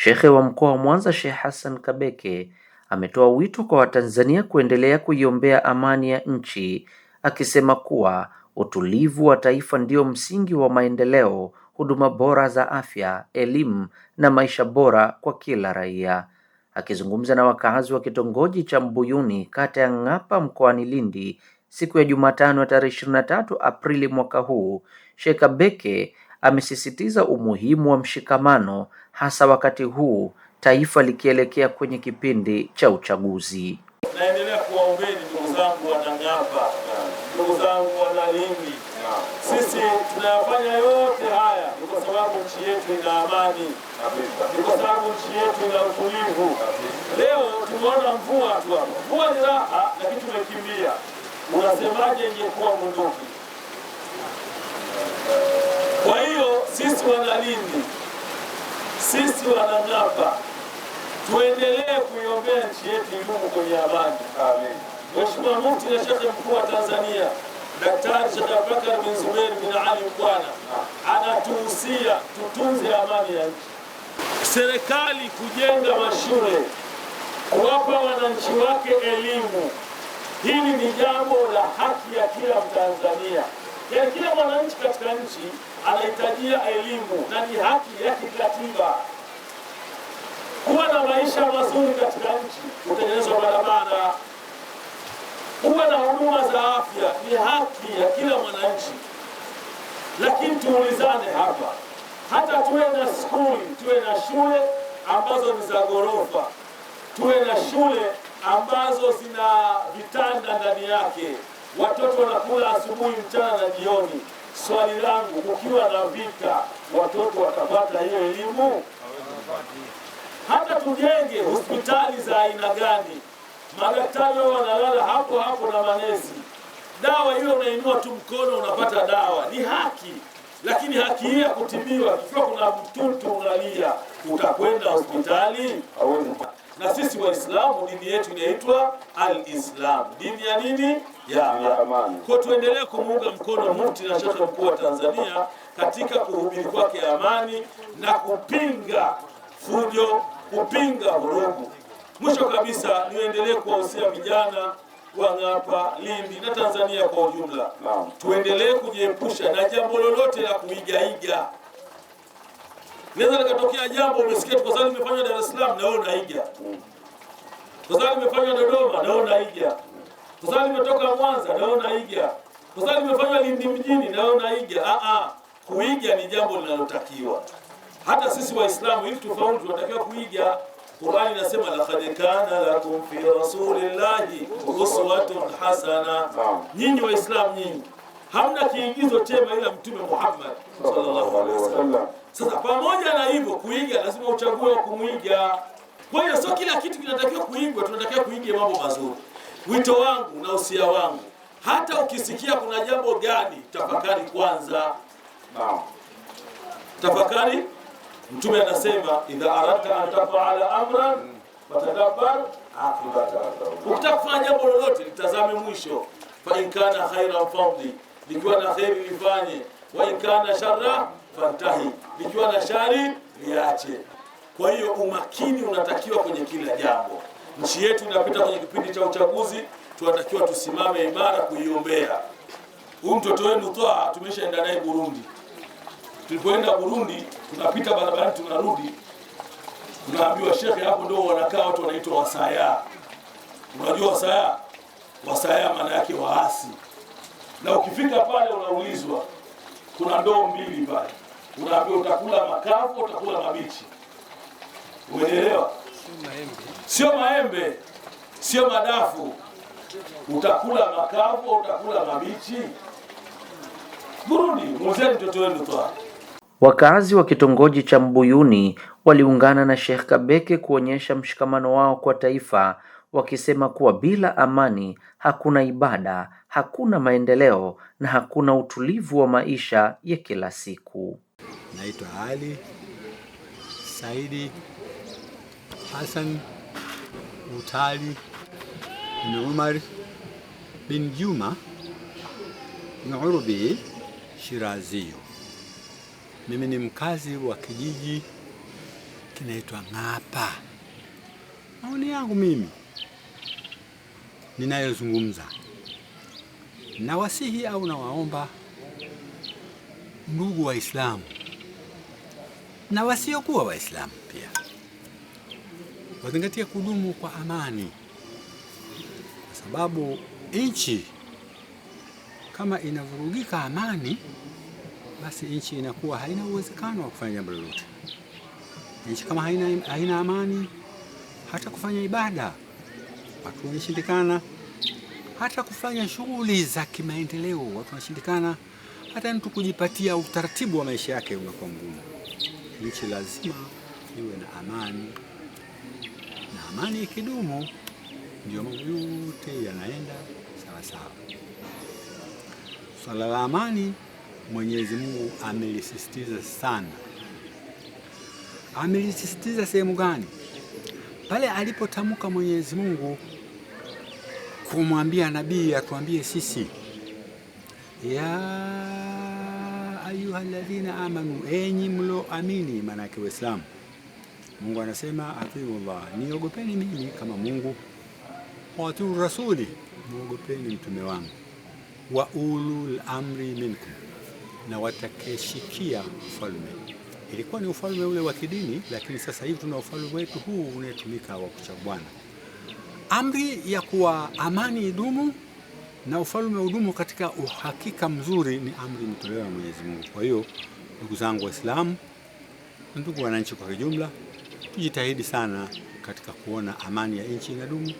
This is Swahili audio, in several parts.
Shekhe wa mkoa wa Mwanza Sheikh Hassan Kabeke ametoa wito kwa Watanzania kuendelea kuiombea amani ya nchi, akisema kuwa utulivu wa taifa ndio msingi wa maendeleo, huduma bora za afya, elimu na maisha bora kwa kila raia. Akizungumza na wakazi wa kitongoji cha Mbuyuni kata ya Ng'apa mkoani Lindi siku ya Jumatano ya tarehe 23 Aprili mwaka huu, Sheikh Kabeke amesisitiza umuhimu wa mshikamano hasa wakati huu taifa likielekea kwenye kipindi cha uchaguzi. Naendelea kuwaombeni ndugu zangu Wananyamba, ndugu zangu Wanalingi, sisi tunayafanya yote haya ni kwa sababu nchi yetu ina amani, ni kwa sababu nchi yetu ina utulivu. Leo tumeona mvua tu hapa, mvua ni raha, lakini tumekimbia. Unasemaje nyekuwa mundugi sisi wanalindi, sisi wanangapa tuendelee kuiombea nchi yetu idumu kwenye amani. Amen. Mheshimiwa Mufti na Shekhe Mkuu wa Tanzania Daktari Sheikh Abubakar bin Zuberi bin Ali Mkwana anatuhusia tutunze amani ya nchi, serikali kujenga mashule, kuwapa wananchi wake elimu. Hili ni jambo la haki ya kila Mtanzania, ya kila mwananchi katika nchi anahitajia elimu na ni haki ya kikatiba kuwa na maisha mazuri katika nchi, kutengenezwa barabara, kuwa na huduma za afya ni haki ya kila mwananchi. Lakini tuulizane hapa, hata tuwe na skuli, tuwe na shule ambazo ni za ghorofa, tuwe na shule ambazo zina vitanda ndani yake watoto wanakula asubuhi, mchana na jioni. Swali langu, kukiwa na vita, watoto watapata hiyo elimu? Hata tujenge hospitali za aina gani, madaktari wao wanalala hapo hapo na manesi. Dawa hiyo unainua tu mkono unapata dawa, ni haki lakini haki hii ya kutibiwa, kikiwa kuna mtutu unalia, utakwenda hospitali? Hawezi na sisi Waislamu dini yetu inaitwa al-Islam, dini ya nini? Ya amani. Kwa tuendelee kumuunga mkono Mufti na Shekhe Mkuu wa Tanzania katika kuhubiri kwake amani na kupinga fujo, kupinga vurugu. Mwisho kabisa, niendelee kuwahusia vijana wa Ng'apa, Lindi na Tanzania kwa ujumla, tuendelee kujiepusha na jambo lolote la kuigaiga Naweza likatokea jambo umesikia kwa sababu nimefanywa Dar es Salaam, na wewe unaiga, kwa sababu nimefanywa Dodoma, na wewe unaiga, kwa sababu nimetoka Mwanza, na wewe unaiga, kwa sababu nimefanywa Lindi mjini, na wewe unaiga. Ah ah, kuiga ni jambo linalotakiwa. Hata sisi Waislamu hivi tufaulu, tunatakiwa kuiga. Qur'ani inasema laqad kana lakum fi rasulillahi uswatun hasana. Nyinyi Waislamu nyinyi hamna kiingizo chema ila Mtume Muhammad sallallahu alaihi wasallam. Sasa pamoja na hivyo kuiga, lazima uchague wa kumwiga. Kwa hiyo sio kila kitu kinatakiwa kuigwa, tunatakiwa kuiga mambo mazuri. Wito wangu na usia wangu, hata ukisikia kuna jambo gani, tafakari kwanza. Naam, tafakari. Mtume anasema idha aradta an tafala amran fatadabbar akibata. Ukitaka kufanya jambo lolote, litazame mwisho, fa in kana khairan famdi likiwa na kheri lifanye, wa inkana sharra fantahi, likiwa na shari liache. Kwa hiyo umakini unatakiwa kwenye kila jambo. Nchi yetu inapita kwenye kipindi cha uchaguzi, tunatakiwa tusimame imara kuiombea. Huyu mtoto wenu toa, tumeshaenda naye Burundi. Tulipoenda Burundi, tunapita barabarani, tunarudi, tunaambiwa shekhe, hapo ndio wanakaa watu wanaitwa wasaya. Unajua wasaya? Wasaya maana yake waasi na ukifika pale unaulizwa, kuna ndoo mbili pale, unaambiwa utakula makavu, utakula mabichi. Umenielewa? Sio maembe, sio madafu. Utakula makavu, utakula mabichi. Burundi, muzeni mtoto wenu twa. Wakazi wa kitongoji cha Mbuyuni waliungana na Sheikh Kabeke kuonyesha mshikamano wao kwa taifa wakisema kuwa bila amani hakuna ibada, hakuna maendeleo na hakuna utulivu wa maisha ya kila siku. Naitwa Ali Saidi Hassan Utali bin Umar bin Juma bin Urubi Mimi ni mkazi wa kijiji kinaitwa Ng'apa. Maoni yangu mimi ninayozungumza, nawasihi au nawaomba ndugu Waislamu na wasiokuwa Waislamu pia wazingatie kudumu kwa amani, kwa sababu nchi kama inavurugika amani, basi nchi inakuwa haina uwezekano wa kufanya jambo lolote. Nchi kama haina, haina amani, hata kufanya ibada watu wanashindikana hata kufanya shughuli za kimaendeleo, watu wanashindikana hata mtu kujipatia utaratibu wa maisha yake unakuwa mgumu. Nchi lazima iwe na amani, na amani ikidumu, ndio mambo yote yanaenda sawasawa. Swala la amani Mwenyezi Mungu amelisisitiza sana. Amelisisitiza sehemu gani? Pale alipotamka Mwenyezi Mungu kumwambia nabii atuambie sisi ya ayuha alladhina amanu, enyi amini, maana yake Waislamu. Mungu anasema Allah, niogopeni mimi kama Mungu, watiu rasuli, muogopeni mtume wangu, wa ulul amri minkum, na watakeshikia ufalme. Ilikuwa ni ufalme ule wa kidini, lakini sasa hivi tuna ufalme wetu huu unayetumika wa kucha Bwana Amri ya kuwa amani idumu na ufalme udumu katika uhakika mzuri ni amri imetolewa na Mwenyezi Mungu. Kwa hiyo ndugu zangu Waislamu, ndugu wananchi kwa kijumla, tujitahidi sana katika kuona amani ya nchi inadumu,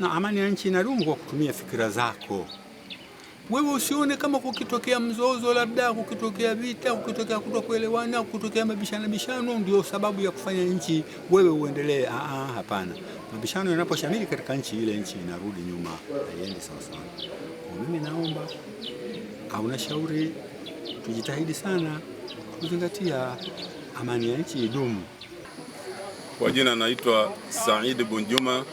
na amani ya nchi inadumu kwa kutumia fikira zako wewe usione kama kukitokea mzozo, labda kukitokea vita, kukitokea kutokuelewana, kukitokea mabishano bishano ndio sababu ya kufanya nchi wewe uendelee. Ah, ah hapana. Mabishano yanaposhamili katika nchi, ile nchi inarudi nyuma, haiendi sawa sawa. Kwa mimi naomba au nashauri tujitahidi sana kuzingatia amani ya nchi idumu. Kwa jina naitwa Saidi Bunjuma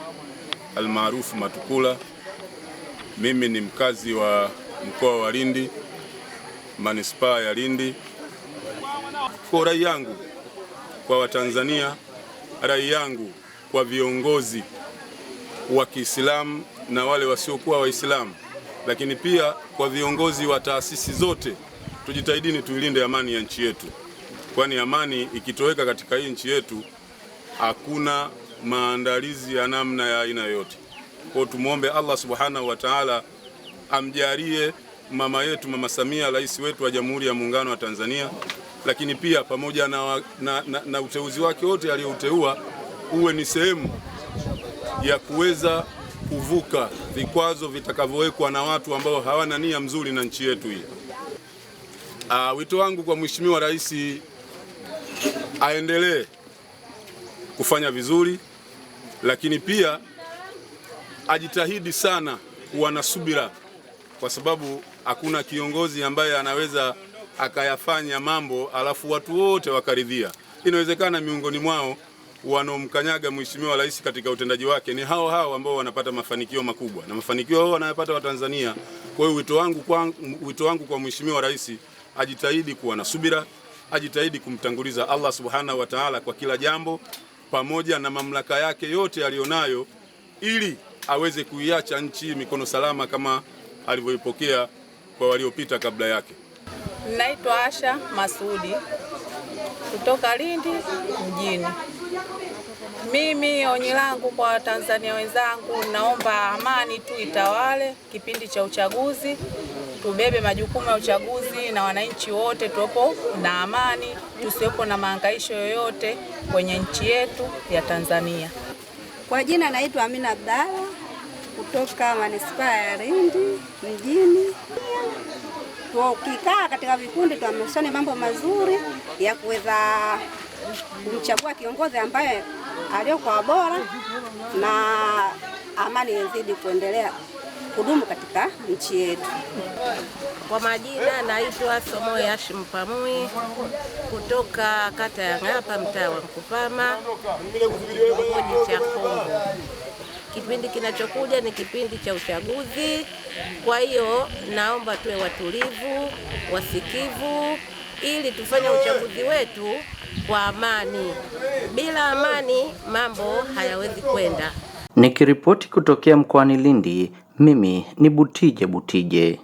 almaarufu Matukula. Mimi ni mkazi wa mkoa wa Lindi, manispaa ya Lindi. Kwa rai yangu kwa Watanzania, rai yangu kwa viongozi wa Kiislamu na wale wasiokuwa Waislamu, lakini pia kwa viongozi wa taasisi zote, tujitahidini tuilinde amani ya nchi yetu, kwani amani ikitoweka katika hii nchi yetu hakuna maandalizi ya namna ya aina yoyote. Kwa tumwombe Allah subhanahu wa taala amjalie mama yetu Mama Samia, rais wetu wa Jamhuri ya Muungano wa Tanzania, lakini pia pamoja na, na, na, na uteuzi wake wote aliyouteua uwe ni sehemu ya kuweza kuvuka vikwazo vitakavyowekwa na watu ambao hawana nia mzuri na nchi yetu hii. Ah, wito wangu kwa Mheshimiwa Rais aendelee kufanya vizuri, lakini pia ajitahidi sana kuwa na subira kwa sababu hakuna kiongozi ambaye anaweza akayafanya mambo alafu watu wote wakaridhia. Inawezekana miongoni mwao wanaomkanyaga Mheshimiwa Rais katika utendaji wake ni hao hao ambao wanapata mafanikio makubwa, na mafanikio hao wanayapata Watanzania. Kwa hiyo wito wangu kwa, wito wangu kwa Mheshimiwa Rais ajitahidi kuwa na subira, ajitahidi kumtanguliza Allah Subhanahu wa Ta'ala kwa kila jambo, pamoja na mamlaka yake yote aliyonayo, ili aweze kuiacha nchi mikono salama kama alivyoipokea kwa waliopita kabla yake. Naitwa Asha Masudi kutoka Lindi mjini. Mimi onyi langu kwa Watanzania wenzangu, naomba amani tu itawale kipindi cha uchaguzi, tubebe majukumu ya uchaguzi na wananchi wote tuwepo na amani, tusiwepo na mahangaisho yoyote kwenye nchi yetu ya Tanzania. Kwa jina naitwa Amina Abdalla toka manispaa ya Lindi mjini. Tukikaa katika vikundi tuameshane mambo mazuri ya kuweza kumchagua kiongozi ambaye aliyokuwa bora na amani yazidi kuendelea kudumu katika nchi yetu. Kwa majina naitwa Somoe Hashim Pamui kutoka kata ya Ng'apa, mtaa wa Mkupama, kitongoji cha Kongo. Kipindi kinachokuja ni kipindi cha uchaguzi, kwa hiyo naomba tuwe watulivu, wasikivu ili tufanye uchaguzi wetu kwa amani. Bila amani mambo hayawezi kwenda. Nikiripoti kutokea mkoani Lindi, mimi ni Butije Butije.